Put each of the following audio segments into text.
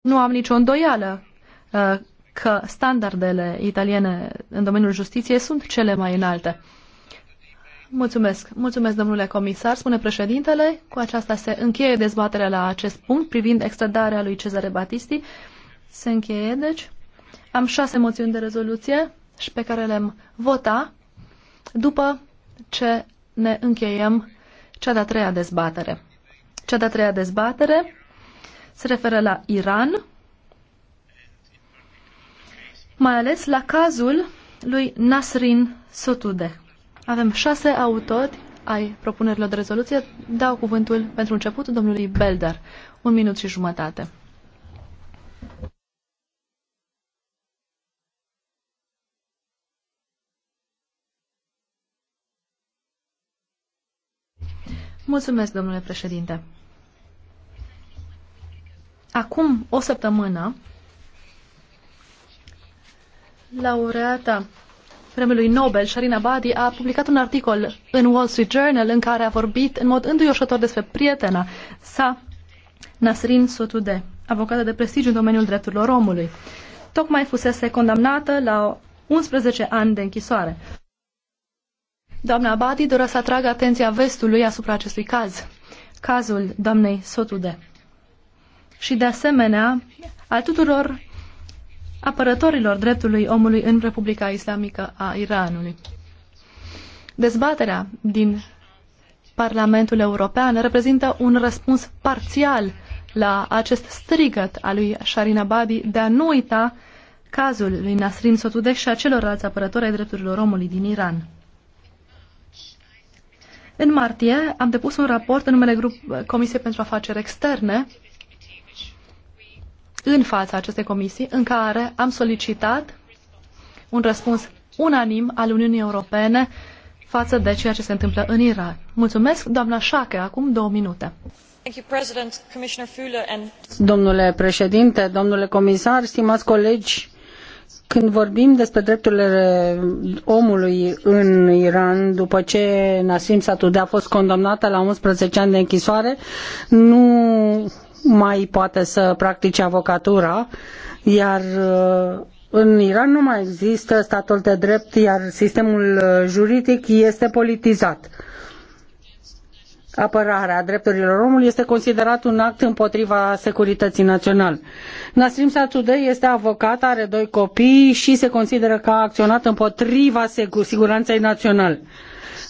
Nu am nicio îndoială uh, că standardele italiene în domeniul justiției sunt cele mai înalte. Mulțumesc. Mulțumesc, domnule comisar, spune președintele. Cu aceasta se încheie dezbaterea la acest punct privind extradarea lui Cezare Batisti. Se încheie, deci. Am șase moțiuni de rezoluție și pe care le-am vota după ce ne încheiem cea de-a treia dezbatere. Cea de-a treia dezbatere se referă la Iran, mai ales la cazul lui Nasrin Sotude. Avem șase autori ai propunerilor de rezoluție. Dau cuvântul pentru început domnului Belder. Un minut și jumătate. Mulțumesc, domnule președinte acum o săptămână, laureata premiului Nobel, Sharina Badi, a publicat un articol în Wall Street Journal în care a vorbit în mod înduioșător despre prietena sa, Nasrin Sotude, avocată de prestigiu în domeniul drepturilor omului. Tocmai fusese condamnată la 11 ani de închisoare. Doamna Badi dorea să atragă atenția vestului asupra acestui caz, cazul doamnei Sotude și, de asemenea, al tuturor apărătorilor dreptului omului în Republica Islamică a Iranului. Dezbaterea din Parlamentul European reprezintă un răspuns parțial la acest strigăt al lui Sharin Abadi de a nu uita cazul lui Nasrin Sotudeh și a celorlalți apărători ai drepturilor omului din Iran. În martie am depus un raport în numele grup Comisiei pentru Afaceri Externe în fața acestei comisii în care am solicitat un răspuns unanim al Uniunii Europene față de ceea ce se întâmplă în Irak. Mulțumesc, doamna Șache, acum două minute. Domnule președinte, domnule comisar, stimați colegi, când vorbim despre drepturile omului în Iran, după ce Nassim Satude a fost condamnată la 11 ani de închisoare, nu mai poate să practice avocatura, iar uh, în Iran nu mai există statul de drept, iar sistemul uh, juridic este politizat apărarea drepturilor omului este considerat un act împotriva securității naționale. Nasrim Satudeh este avocat, are doi copii și se consideră că a acționat împotriva siguranței naționale.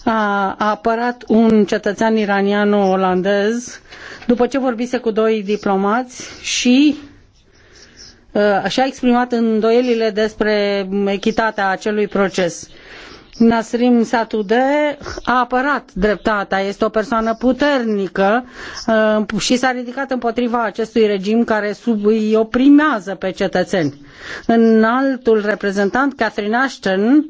A, apărat un cetățean iranian olandez după ce vorbise cu doi diplomați și și-a exprimat îndoielile despre echitatea acelui proces Nasrim Satudeh a apărat dreptatea, este o persoană puternică uh, și s-a ridicat împotriva acestui regim care sub, îi oprimează pe cetățeni. În altul reprezentant, Catherine Ashton,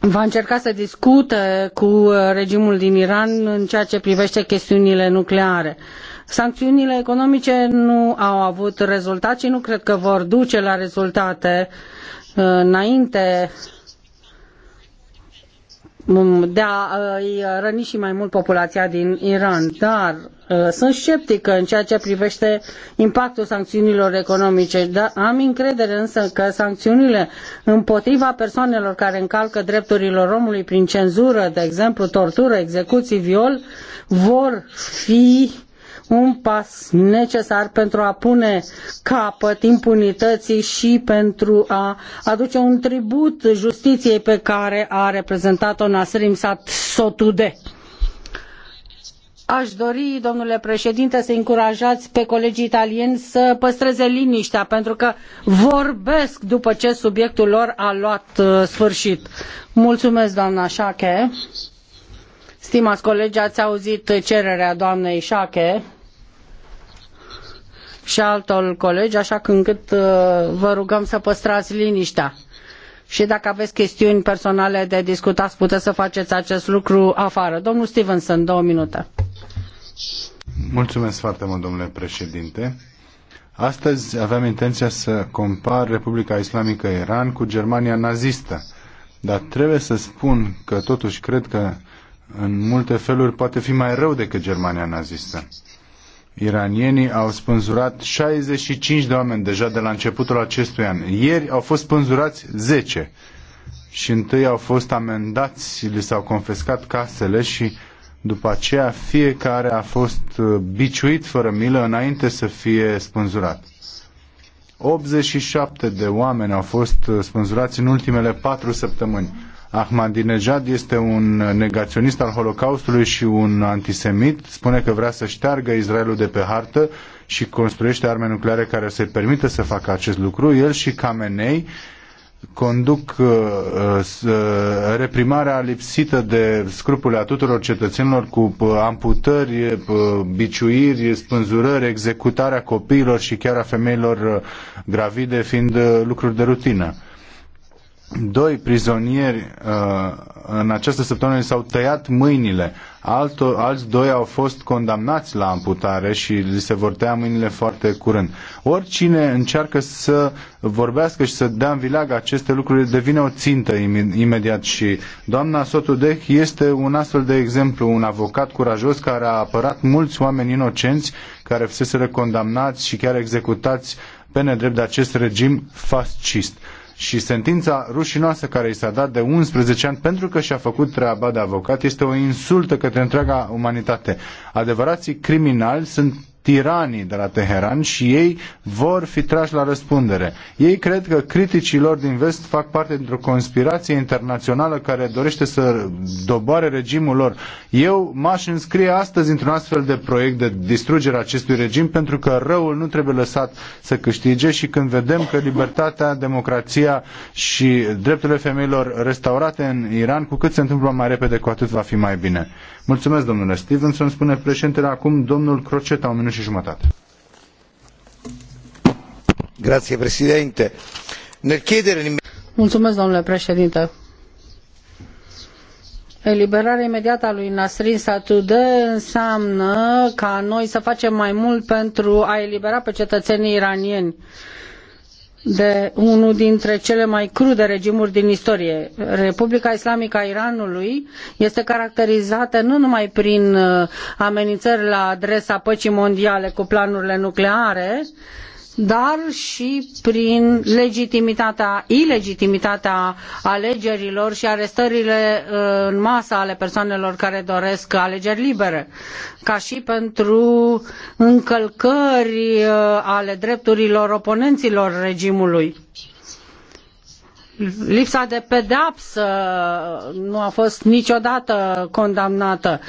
va încerca să discute cu regimul din Iran în ceea ce privește chestiunile nucleare. Sancțiunile economice nu au avut rezultat și nu cred că vor duce la rezultate înainte de a îi răni și mai mult populația din Iran, dar uh, sunt sceptică în ceea ce privește impactul sancțiunilor economice. Da, am încredere însă că sancțiunile împotriva persoanelor care încalcă drepturile omului prin cenzură, de exemplu tortură, execuții, viol, vor fi un pas necesar pentru a pune capăt impunității și pentru a aduce un tribut justiției pe care a reprezentat-o Nasrim Sat Sotude. Aș dori, domnule președinte, să încurajați pe colegii italieni să păstreze liniștea, pentru că vorbesc după ce subiectul lor a luat uh, sfârșit. Mulțumesc, doamna Șache. Stimați colegi, ați auzit cererea doamnei Șache și altor colegi, așa că încât uh, vă rugăm să păstrați liniștea. Și dacă aveți chestiuni personale de discutat, puteți să faceți acest lucru afară. Domnul Stevenson, două minute. Mulțumesc foarte mult, domnule președinte. Astăzi aveam intenția să compar Republica Islamică Iran cu Germania nazistă, dar trebuie să spun că totuși cred că în multe feluri poate fi mai rău decât Germania nazistă iranienii au spânzurat 65 de oameni deja de la începutul acestui an. Ieri au fost spânzurați 10 și întâi au fost amendați, li s-au confescat, casele și după aceea fiecare a fost uh, biciuit fără milă înainte să fie spânzurat. 87 de oameni au fost uh, spânzurați în ultimele 4 săptămâni. Ahmadinejad este un negaționist al Holocaustului și un antisemit, spune că vrea să șteargă Israelul de pe hartă și construiește arme nucleare care să-i permită să facă acest lucru. El și Kamenei conduc uh, uh, reprimarea lipsită de scrupule a tuturor cetățenilor cu uh, amputări, uh, biciuiri, spânzurări, executarea copiilor și chiar a femeilor uh, gravide fiind uh, lucruri de rutină doi prizonieri uh, în această săptămână s-au tăiat mâinile. Alto, alți doi au fost condamnați la amputare și li se vor tăia mâinile foarte curând. Oricine încearcă să vorbească și să dea în vileag aceste lucruri devine o țintă imediat și doamna Sotudeh este un astfel de exemplu, un avocat curajos care a apărat mulți oameni inocenți care fuseseră condamnați și chiar executați pe nedrept de acest regim fascist și sentința rușinoasă care i s-a dat de 11 ani pentru că și-a făcut treaba de avocat este o insultă către întreaga umanitate. Adevărații criminali sunt tiranii de la Teheran și ei vor fi trași la răspundere. Ei cred că criticii lor din vest fac parte dintr-o conspirație internațională care dorește să doboare regimul lor. Eu m-aș înscrie astăzi într-un astfel de proiect de distrugere a acestui regim pentru că răul nu trebuie lăsat să câștige și când vedem că libertatea, democrația și drepturile femeilor restaurate în Iran, cu cât se întâmplă mai repede, cu atât va fi mai bine. Mulțumesc, domnule Stevenson, spune președintele acum domnul Croceta, un și jumătate. Grazie, președinte. Mulțumesc, domnule președinte. Eliberarea imediată a lui Nasrin Satudeh înseamnă ca noi să facem mai mult pentru a elibera pe cetățenii iranieni de unul dintre cele mai crude regimuri din istorie. Republica Islamică a Iranului este caracterizată nu numai prin uh, amenințări la adresa păcii mondiale cu planurile nucleare, dar și prin legitimitatea, ilegitimitatea alegerilor și arestările uh, în masă ale persoanelor care doresc alegeri libere, ca și pentru încălcări uh, ale drepturilor oponenților regimului lipsa de pedeapsă nu a fost niciodată condamnată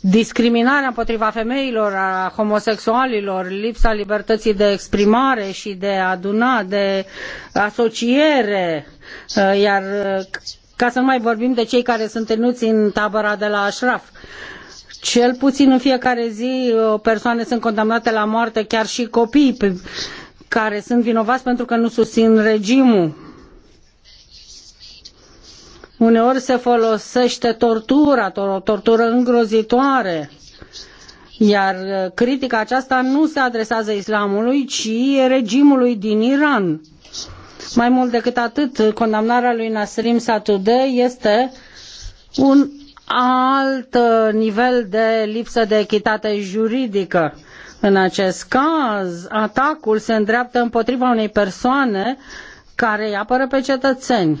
discriminarea împotriva femeilor, a homosexualilor, lipsa libertății de exprimare și de aduna, de asociere, uh, iar uh, ca să nu mai vorbim de cei care sunt tenuți în tabăra de la Ashraf. Cel puțin în fiecare zi uh, persoane sunt condamnate la moarte, chiar și copii care sunt vinovați pentru că nu susțin regimul Uneori se folosește tortura, o tortură îngrozitoare. Iar uh, critica aceasta nu se adresează islamului, ci regimului din Iran. Mai mult decât atât, condamnarea lui Nasrim Satudeh este un alt uh, nivel de lipsă de echitate juridică. În acest caz, atacul se îndreaptă împotriva unei persoane care îi apără pe cetățeni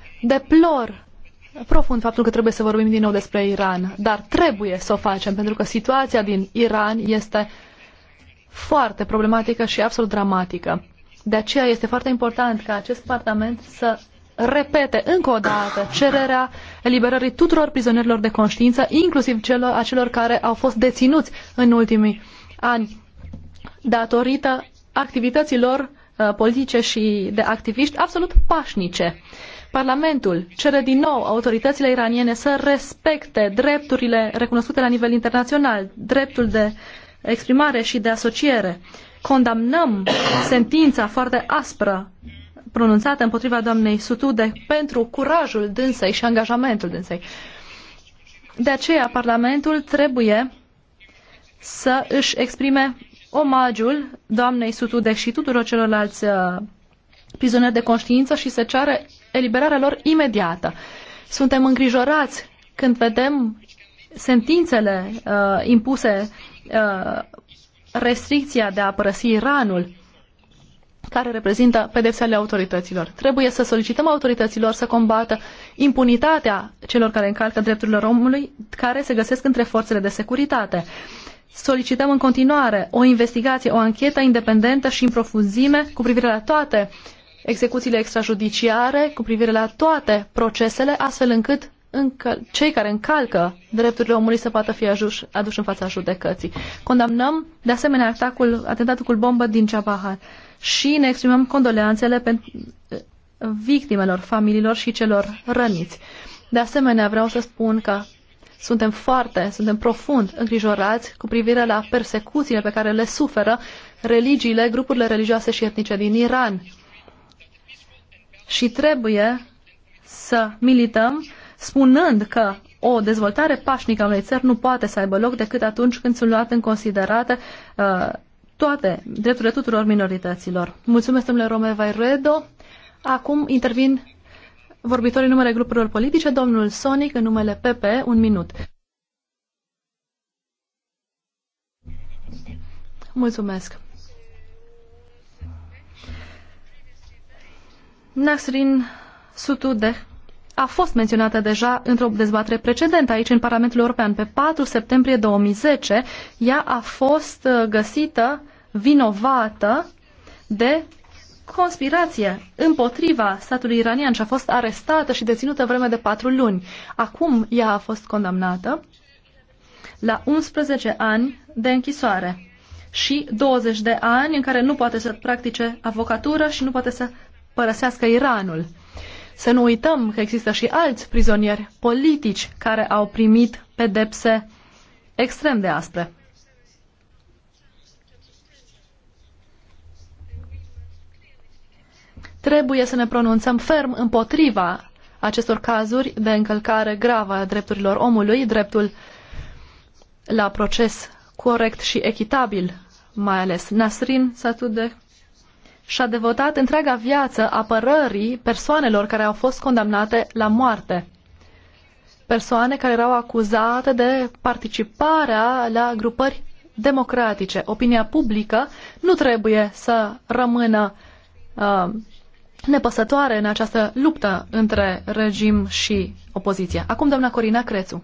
Deplor profund faptul că trebuie să vorbim din nou despre Iran, dar trebuie să o facem, pentru că situația din Iran este foarte problematică și absolut dramatică. De aceea este foarte important ca acest Parlament să repete încă o dată cererea eliberării tuturor prizonierilor de conștiință, inclusiv celor, acelor care au fost deținuți în ultimii ani datorită activităților uh, politice și de activiști absolut pașnice. Uh, Parlamentul cere din nou autoritățile iraniene să respecte drepturile recunoscute la nivel internațional, dreptul de exprimare și de asociere. Condamnăm sentința foarte aspră pronunțată împotriva doamnei Sutude pentru curajul dânsei și angajamentul dânsei. De aceea, Parlamentul trebuie să își exprime omagiul doamnei Sutude și tuturor celorlalți uh, prizonieri de conștiință și să ceară eliberarea lor imediată. Suntem îngrijorați când vedem sentințele uh, impuse, uh, restricția de a părăsi Iranul, care reprezintă pedepsele autorităților. Trebuie să solicităm autorităților să combată impunitatea celor care încalcă drepturile omului, care se găsesc între forțele de securitate. Solicităm în continuare o investigație, o anchetă independentă și în profunzime cu privire la toate uh, execuțiile extrajudiciare cu privire la toate procesele, astfel încât încă, cei care încalcă drepturile omului să poată fi ajuși, aduși în fața judecății. Condamnăm, de asemenea, atacul, atentatul cu bombă din Ceapahan și ne exprimăm condoleanțele pentru victimelor, familiilor și celor răniți. De asemenea, vreau să spun că suntem foarte, suntem profund îngrijorați cu privire la persecuțiile pe care le suferă religiile, grupurile religioase și etnice din Iran și trebuie să milităm spunând că o dezvoltare pașnică a unei țări nu poate să aibă loc decât atunci când sunt luate în considerate uh, toate drepturile tuturor minorităților. Mulțumesc, domnule Romeva Redo. Acum intervin vorbitorii numele grupurilor politice, domnul Sonic, în numele PP, un minut. Mulțumesc. Nasrin Sutudeh a fost menționată deja într-o dezbatere precedentă aici în Parlamentul European. Pe 4 septembrie 2010, ea a fost uh, găsită vinovată de conspirație împotriva statului iranian și a fost arestată și deținută vreme de patru luni. Acum ea a fost condamnată la 11 ani de închisoare și 20 de ani în care nu poate să practice avocatură și nu poate să părăsească Iranul. Să nu uităm că există și alți prizonieri politici care au primit pedepse extrem de aspre. Trebuie să ne pronunțăm ferm împotriva acestor cazuri de încălcare gravă a drepturilor omului, dreptul la proces corect și echitabil, mai ales Nasrin Satudeh, și-a devotat întreaga viață apărării persoanelor care au fost condamnate la moarte. Persoane care erau acuzate de participarea la grupări democratice. Opinia publică nu trebuie să rămână uh, nepăsătoare în această luptă între regim și opoziție. Acum, doamna Corina Crețu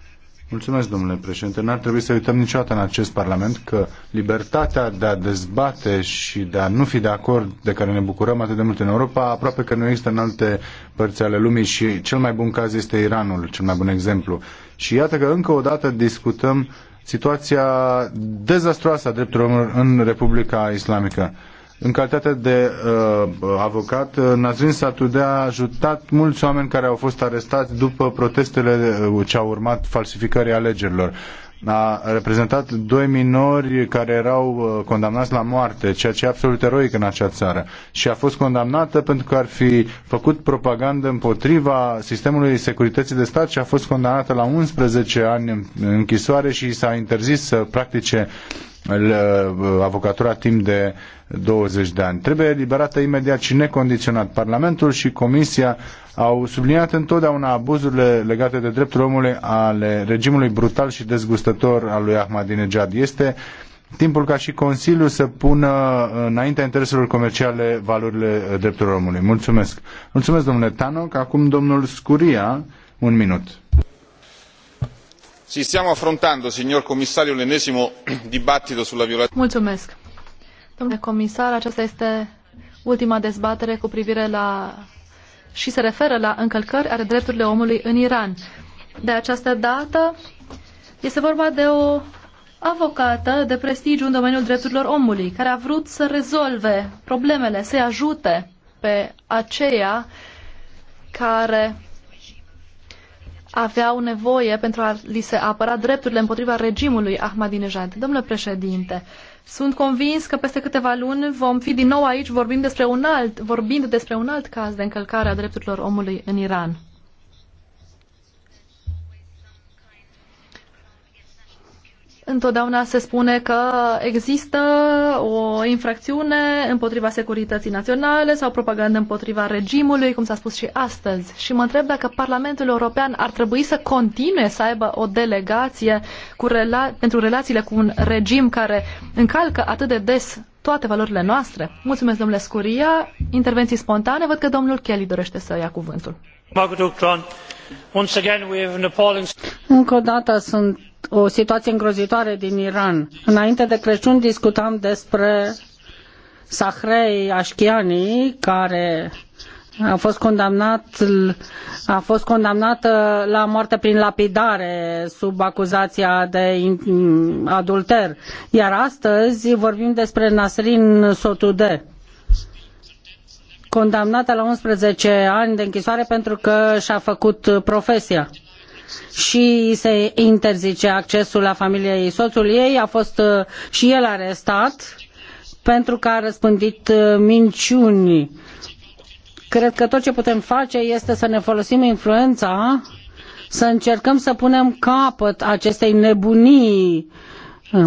Mulțumesc, domnule președinte. N-ar trebui să uităm niciodată în acest Parlament că libertatea de a dezbate și de a nu fi de acord, de care ne bucurăm atât de mult în Europa, aproape că nu există în alte părți ale lumii și cel mai bun caz este Iranul, cel mai bun exemplu. Și iată că încă o dată discutăm situația dezastroasă a drepturilor în Republica Islamică. În calitate de uh, avocat, uh, Nazrin Satudea a ajutat mulți oameni care au fost arestați după protestele uh, ce au urmat falsificării alegerilor. A reprezentat doi minori care erau uh, condamnați la moarte, ceea ce e absolut eroic în acea țară. Și a fost condamnată pentru că ar fi făcut propagandă împotriva sistemului securității de stat și a fost condamnată la 11 ani în închisoare și s-a interzis să practice Uh, avocatura timp de 20 de ani. Trebuie eliberată imediat și necondiționat. Parlamentul și Comisia au subliniat întotdeauna abuzurile legate de drepturile omului ale regimului brutal și dezgustător al lui Ahmadinejad. Este timpul ca și Consiliul să pună înaintea intereselor comerciale valorile drepturilor omului. Mulțumesc. Mulțumesc, domnule Tanoc. Acum, domnul Scuria, un minut si stiamo affrontando signor commissario l'ennesimo dibattito sulla violazione. Mulțumesc. Domnule comisar, aceasta este ultima dezbatere cu privire la și se referă la încălcări ale drepturilor omului în Iran. De această dată este vorba de o avocată de prestigiu în domeniul drepturilor omului, care a vrut să rezolve problemele, să-i ajute pe aceia care aveau nevoie pentru a li se apăra drepturile împotriva regimului Ahmadinejad. Domnule președinte, sunt convins că peste câteva luni vom fi din nou aici vorbind despre un alt, vorbind despre un alt caz de încălcare a drepturilor omului în Iran. Întotdeauna se spune că există o infracțiune împotriva securității naționale sau propagandă împotriva regimului, cum s-a spus și astăzi. Și mă întreb dacă Parlamentul European ar trebui să continue să aibă o delegație cu rela- pentru relațiile cu un regim care încalcă atât de des toate valorile noastre. Mulțumesc, domnule Scuria. Intervenții spontane. Văd că domnul Kelly dorește să ia cuvântul. Încă o dată sunt o situație îngrozitoare din Iran. Înainte de Crăciun discutam despre Sahrei Ashkiani, care a fost, condamnat, a fost condamnată la moarte prin lapidare sub acuzația de adulter. Iar astăzi vorbim despre Nasrin Sotude, condamnată la 11 ani de închisoare pentru că și-a făcut profesia și se interzice accesul la ei. soțul ei, a fost uh, și el arestat pentru că a răspândit uh, minciuni. Cred că tot ce putem face este să ne folosim influența, să încercăm să punem capăt acestei nebunii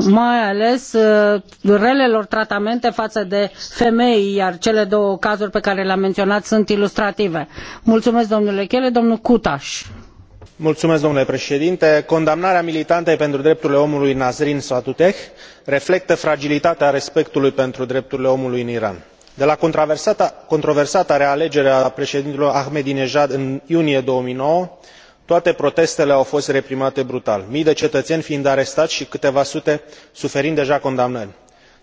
mai ales uh, relelor tratamente față de femei, iar cele două cazuri pe care le-am menționat sunt ilustrative. Mulțumesc, domnule Chele, domnul Cutaș condamnarea militantei pentru drepturile omului nasrin sotoudeh reflectă fragilitatea respectului pentru drepturile omului în iran. de la controversata realegere a preedintelui ahmadinejad în iunie două mii nouă toate protestele au fost reprimate brutal mii de cetăeni fiind arestai i câteva sute suferind deja condamnări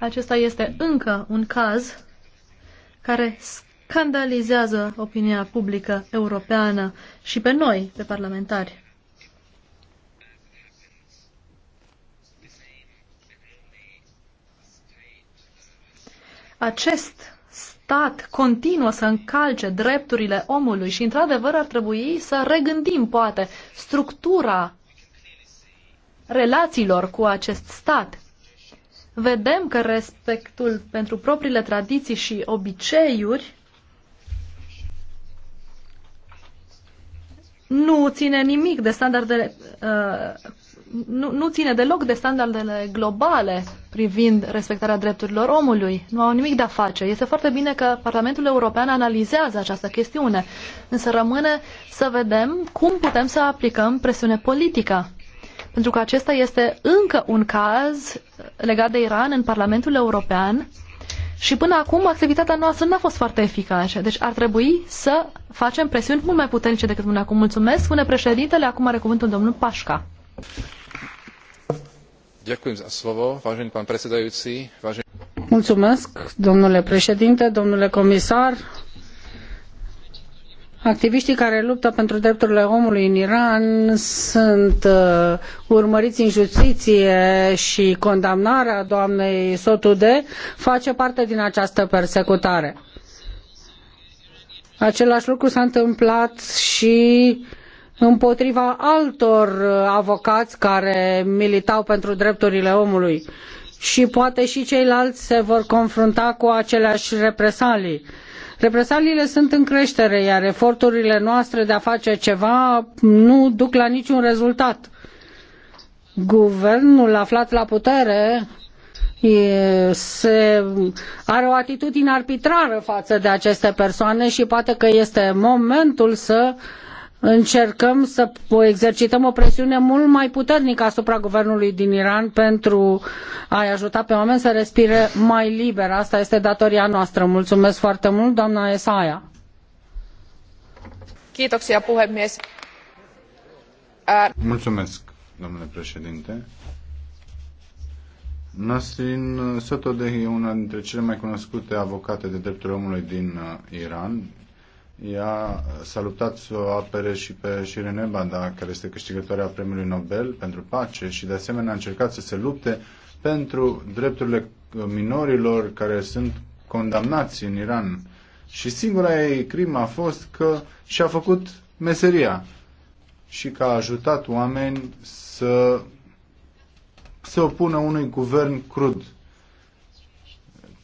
acesta este încă un caz care scandalizează opinia publică europeană și pe noi, pe parlamentari. Acest stat continuă să încalce drepturile omului și, într-adevăr, ar trebui să regândim, poate, structura relațiilor cu acest stat vedem că respectul pentru propriile tradiții și obiceiuri nu ține nimic de standardele, uh, nu, nu ține deloc de standardele globale privind respectarea drepturilor omului. Nu au nimic de a face. Este foarte bine că Parlamentul European analizează această chestiune, însă rămâne să vedem cum putem să aplicăm presiune politică pentru că acesta este încă un caz legat de Iran în Parlamentul European și până acum activitatea noastră n-a fost foarte eficace. Deci ar trebui să facem presiuni mult mai puternice decât până acum. Mulțumesc, spune președintele, acum are cuvântul domnul Pașca. Mulțumesc, domnule președinte, domnule comisar, Activiștii care luptă pentru drepturile omului în Iran sunt uh, urmăriți în justiție și condamnarea doamnei Sotude face parte din această persecutare. Același lucru s-a întâmplat și împotriva altor uh, avocați care militau pentru drepturile omului și poate și ceilalți se vor confrunta cu aceleași represalii Represaliile sunt în creștere, iar eforturile noastre de a face ceva nu duc la niciun rezultat. Guvernul aflat la putere e, se, are o atitudine arbitrară față de aceste persoane și poate că este momentul să uh, încercăm să exercităm o presiune mult mai puternică asupra guvernului din Iran pentru a-i ajuta pe oameni să respire mai liber. Asta este datoria noastră. Mulțumesc foarte mult, doamna Esaia. Kiitoksia, puhemies. Mulțumesc, domnule președinte. Nasrin Sotodehi e una dintre cele mai cunoscute avocate de drepturile omului din uh, Iran ea a salutat să o apere și pe Shirene Banda, care este câștigătoarea Premiului Nobel pentru pace și de asemenea a încercat să se lupte pentru drepturile minorilor care sunt condamnați în Iran. Și singura ei crimă a fost că și-a făcut meseria și că a ajutat oameni să se opună unui guvern crud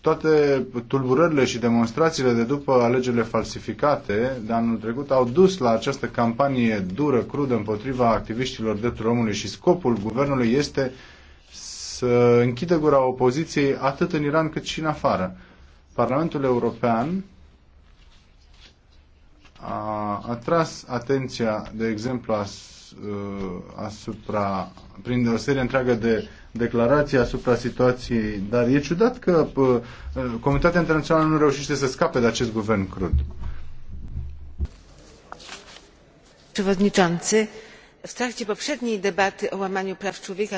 toate tulburările și demonstrațiile de după alegerile falsificate de anul trecut au dus la această campanie dură, crudă împotriva activiștilor drepturilor omului și scopul guvernului este să închidă gura opoziției atât în Iran cât și în afară. Parlamentul European a atras atenția, de exemplu, ă, asupra, prin o serie întreagă de declarații asupra situației, dar e ciudat că ă, comunitatea internațională nu reușește să scape de acest guvern crud.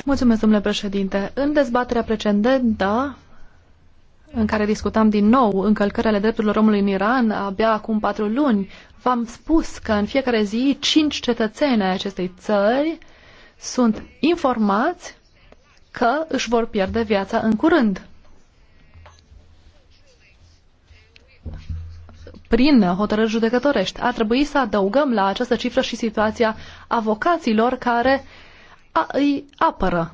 Mulțumesc, domnule președinte. În dezbaterea precedentă, da, în care discutam din nou încălcări ale drepturilor omului în Iran, abia acum patru luni, v-am spus că în fiecare zi cinci cetățeni ai acestei țări sunt informați că își vor pierde viața în curând. Prin hotărâri judecătorești. ar trebui să adăugăm la această cifră și situația avocaților care a, îi apără.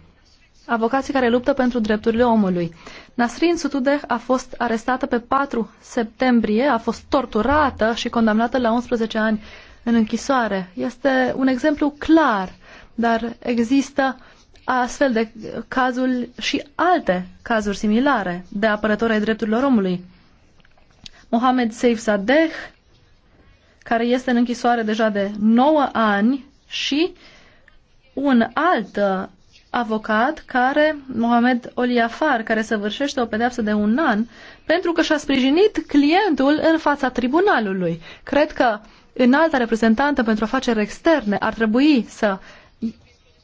Avocații care luptă pentru drepturile omului. Nasrin Sutudeh a fost arestată pe 4 septembrie, a fost torturată și condamnată la 11 ani în închisoare. Este un exemplu clar, dar există astfel de cazul și alte cazuri similare de apărători ai drepturilor omului. Mohamed Seif Sadeh, care este în închisoare deja de 9 ani și un alt uh, avocat care, Mohamed Oliafar, care săvârșește o pedeapsă de un an pentru că și-a sprijinit clientul în fața tribunalului. Cred că înalta reprezentantă pentru afaceri externe ar trebui să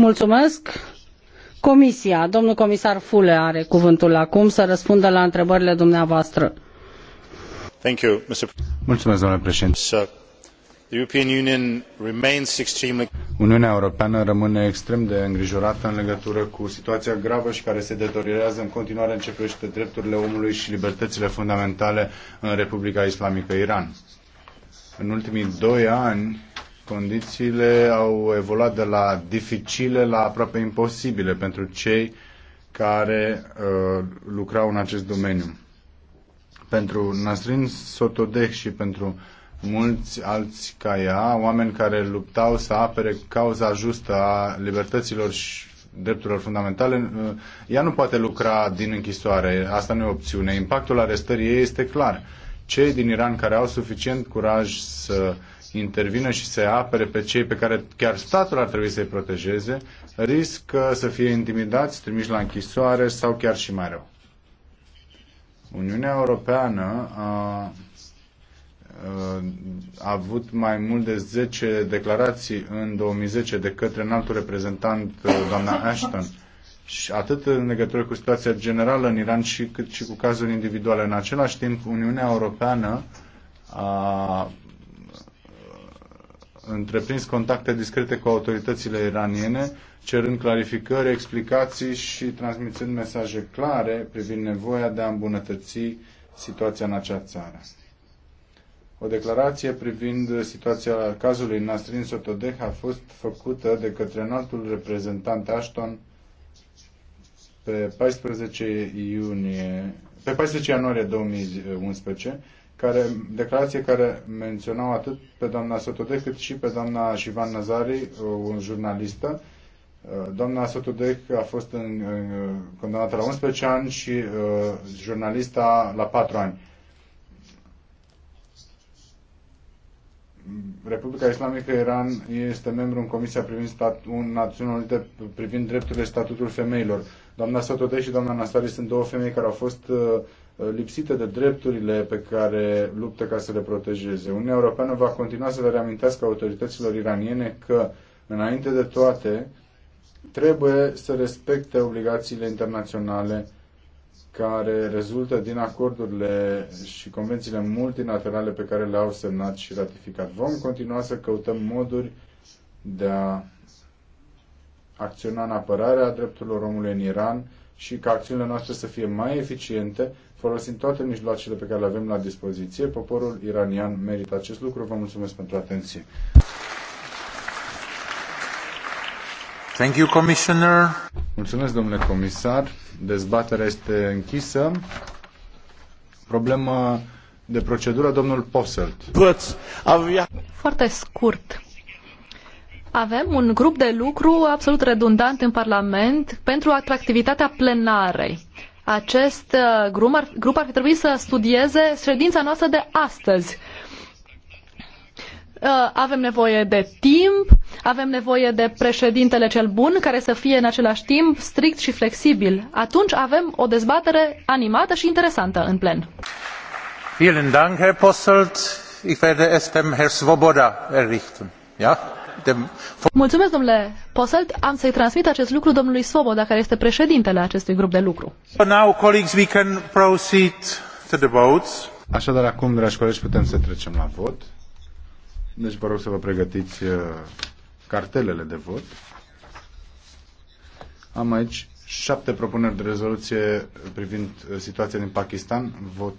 Mulțumesc. Comisia, domnul comisar Fule are cuvântul acum să răspundă la întrebările dumneavoastră. Thank you, Mr. Mulțumesc, domnule președinte. Uniunea Europeană rămâne extrem de îngrijorată în legătură cu situația gravă și care se deteriorează în continuare în ce privește drepturile omului și libertățile fundamentale în Republica Islamică Iran. În ultimii doi ani, condițiile au evoluat de la dificile la aproape imposibile pentru cei care uh, lucrau în acest domeniu. Pentru Nasrin Sotodeh și pentru mulți alți ca ea, oameni care luptau să apere cauza justă a libertăților și drepturilor fundamentale, uh, ea nu poate lucra din închisoare. Asta nu e opțiune. Impactul arestării ei este clar. Cei din Iran care au suficient curaj să intervină și să apere pe cei pe care chiar statul ar trebui să-i protejeze, riscă uh, să fie intimidați, trimiși la închisoare sau chiar și mai rău. Uniunea Europeană a uh, a avut mai mult de 10 declarații în 2010 de către înaltul reprezentant, uh, doamna Ashton, și atât în legătură cu situația generală în Iran, și cât și cu cazuri individuale. În același timp, Uniunea Europeană a întreprins contacte discrete cu autoritățile iraniene, cerând clarificări, explicații și transmițând mesaje clare privind nevoia de a îmbunătăți situația în acea țară. O declarație privind situația cazului Nasrin Sotodeh a fost făcută de către înaltul reprezentant Ashton pe 14 iunie pe 14 ianuarie 2011 care, declarație care menționau atât pe doamna Sotodeh cât și pe doamna Șivan Nazari, un jurnalistă. Uh, doamna Sotodeh a fost în, condamnată la 11 ani și uh, jurnalista la 4 ani. Republica Islamică Iran este membru în Comisia privind stat, un Națiunile Unite privind drepturile statutul femeilor. Doamna Sotodeh și doamna Nasari sunt două femei care au fost uh, Uh, lipsite de drepturile pe care luptă ca să le protejeze. Uniunea Europeană va continua să le reamintească autorităților iraniene că, înainte de toate, trebuie să respecte obligațiile internaționale care rezultă din acordurile și convențiile multilaterale pe care le-au semnat și ratificat. Vom continua să căutăm moduri de a acționa în apărarea drepturilor omului în Iran și ca acțiunile noastre să fie mai eficiente, Folosim toate mijloacele pe care le avem la dispoziție. Poporul iranian merită acest lucru. Vă mulțumesc pentru atenție. Thank you, Commissioner. Mulțumesc, domnule comisar. Dezbaterea este închisă. Problemă de procedură, domnul Posselt. Foarte scurt. Avem un grup de lucru absolut redundant în Parlament pentru atractivitatea plenarei. Acest uh, grup ar, grup ar fi trebuit să studieze ședința noastră de astăzi. Uh, avem nevoie de timp, avem nevoie de președintele cel bun care să fie în același timp strict și flexibil. Atunci avem o dezbatere animată și interesantă în plen. Vielen Dank, Herr Posselt. Ich werde es dem Herrn Svoboda errichten. Ja? Mulțumesc, domnule Posselt. Am să-i transmit acest lucru domnului Svoboda, care este președintele acestui grup de lucru. Now, colleagues, we can proceed to the votes. Așadar, acum, dragi colegi, putem să trecem la vot. Deci vă rog să vă pregătiți uh, cartelele de vot. Am aici șapte propuneri de rezoluție privind uh, situația din Pakistan. Vot